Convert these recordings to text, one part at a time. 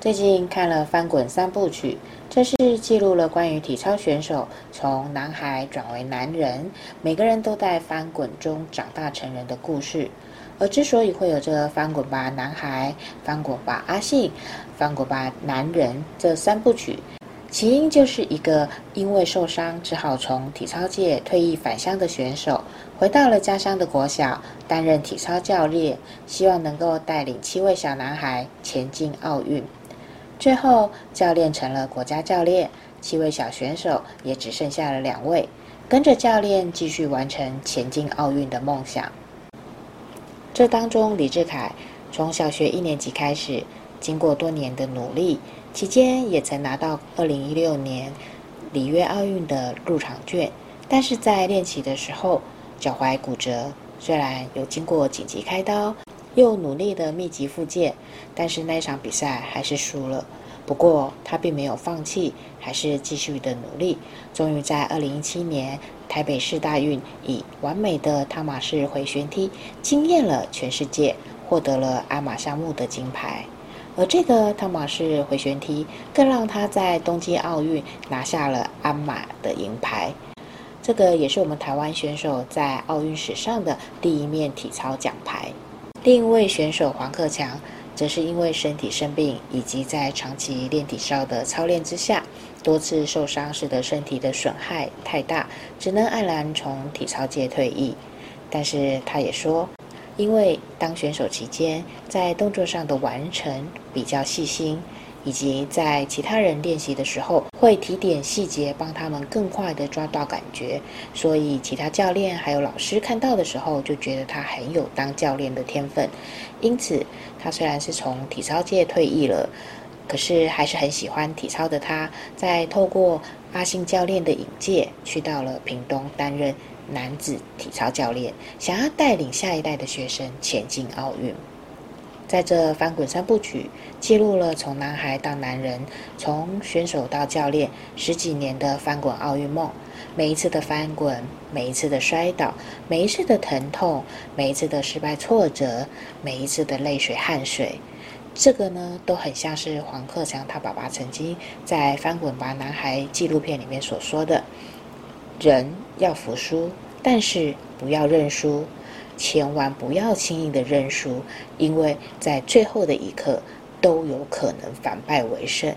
最近看了《翻滾三部曲》，這是記錄了關於體操選手從男孩轉為男人，每個人都在翻滾中長大成人的故事。而之所以會有這個《翻滾吧，男孩》《翻滾吧，阿信》《翻滾吧，男人》這三部曲，起因就是一個因為受傷只好從體操界退役返鄉的選手，回到了家鄉的國小擔任體操教練，希望能夠帶領七位小男孩前進奧運。最後，教練成了國家教練，七位小選手也只剩下了兩位，跟着教練繼續完成前進奧運的夢想。這當中，李志凱從小學一年級開始，經過多年的努力，期間也曾拿到2016年里約奧運的入場券，但是在練習的時候腳踝骨折，雖然有經過緊急開刀。又努力的密集復健，但是那一場比賽還是輸了。不過他並沒有放棄，還是繼續的努力。終於在二零一七年台北世大運，以完美的湯馬士回旋踢驚艷了全世界，獲得了鞍馬項目的金牌。而這個湯馬士回旋踢更讓他在東京奧運拿下了鞍馬的銀牌。這個也是我們台灣選手在奧運史上的第一面體操獎牌。另一位選手黃克強，則是因為身體生病，以及在長期練體操的操練之下，多次受傷，使得身體的損害太大，只能黯然從體操界退役。但是他也說，因為當選手期間，在動作上的完成比較細心。以及在其他人練習的時候，會提點細節，幫他們更快地抓到感覺。所以其他教練還有老師看到的時候，就覺得他很有當教練的天分。因此，他雖然是從體操界退役了，可是還是很喜歡體操的他。他在透過阿信教練的引介，去到了屏東擔任男子體操教練，想要帶領下一代的學生前進奧運。在這翻滾三部曲記錄了從男孩到男人，從選手到教練十幾年的翻滾奧運夢。每一次的翻滾，每一次的摔倒，每一次的疼痛，每一次的失敗挫折，每一次的淚水汗水，這個呢都很像是黃克強他爸爸曾經在《翻滾吧男孩》紀錄片裡面所說的，人要服輸，但是不要認輸。千萬不要輕易的認輸，因為在最後的一刻都有可能反敗為勝。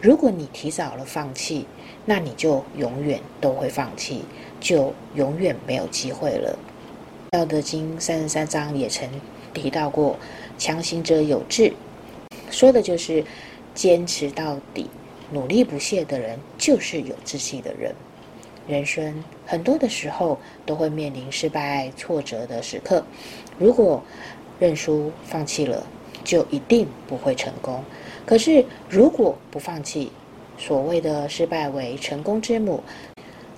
如果你提早了放棄，那你就永遠都會放棄，就永遠沒有機會了。《道德經》三十三章也曾提到過：“強行者有志”，說的就是堅持到底、努力不懈的人就是有志氣的人。人生很多的時候都會面臨失敗挫折的時刻，如果認輸放棄了，就一定不會成功。可是如果不放棄，所謂的失敗為成功之母，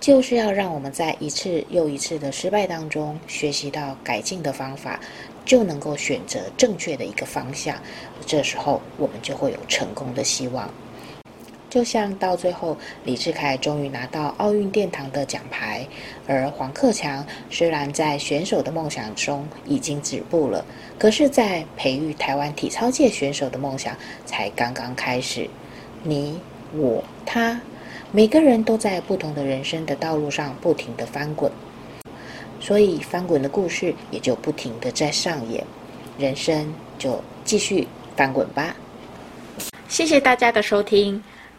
就是要讓我們在一次又一次的失敗當中學習到改進的方法，就能夠選擇正確的一個方向，這時候我們就會有成功的希望。就像到最後，李智凱終於拿到奧運殿堂的獎牌，而黃克強雖然在選手的夢想中已經止步了，可是，在培育台灣體操界選手的夢想才剛剛開始。你、我、他，每個人都在不同的人生的道路上不停地翻滾，所以翻滾的故事也就不停地在上演。人生就繼續翻滾吧。謝謝大家的收聽。